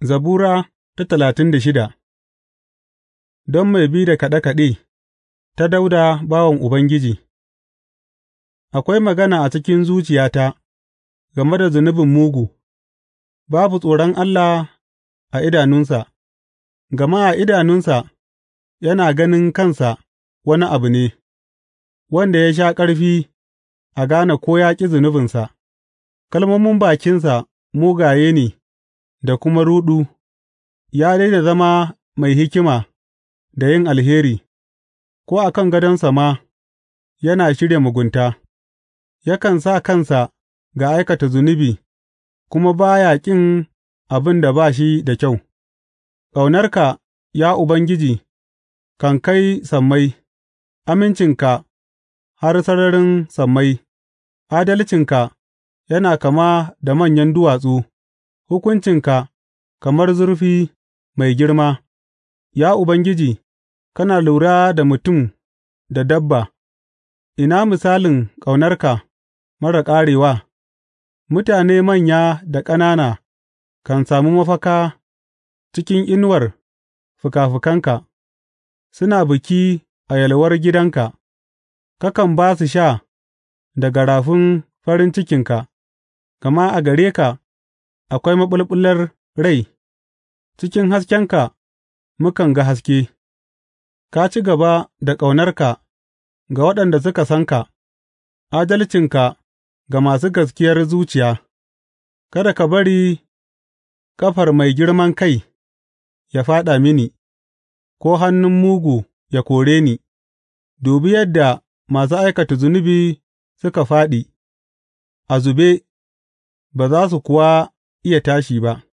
Zabura ta talatin da shida Don mai bi da kaɗe-kaɗe ta Dauda bawan Ubangiji Akwai magana a cikin zuciyata game da zunubin mugu, babu tsoron Allah a idanunsa, gama a idanunsa yana ganin kansa wani abu ne, wanda ya sha ƙarfi a gane ko ya ƙi zunubinsa, kalmomin bakinsa mugaye ne. da kuma ruɗu, ya daina zama mai hikima da yin alheri, ko a kan gadonsa ma yana shirya mugunta; yakan sa kansa ga aikata zunubi kuma ba ya ƙin abin da ba shi da kyau, ƙaunarka, ya Ubangiji, kan kai sammai, amincinka har sararin sammai, adalcinka yana kama da manyan duwatsu. Hukuncinka kamar zurfi mai girma; Ya Ubangiji, kana lura da mutum da dabba, ina misalin ƙaunarka marar ƙarewa, mutane manya da ƙanana kan sami mafaka cikin inuwar fikafikanka; suna biki a yalwar gidanka, kakan ba su sha daga rafin farin cikinka, gama a gare ka. akwai maɓulɓular rai; cikin haskenka mukan ga haske, ka ci gaba da ƙaunarka ga waɗanda suka san ka, adalcinka ga masu gaskiyar zuciya, kada ka bari ƙafar mai girman kai ya fāɗa mini, ko hannun mugu ya kore ni, dubi yadda masu aikata zunubi suka fāɗi a zube ba za su kuwa iya tashi ba.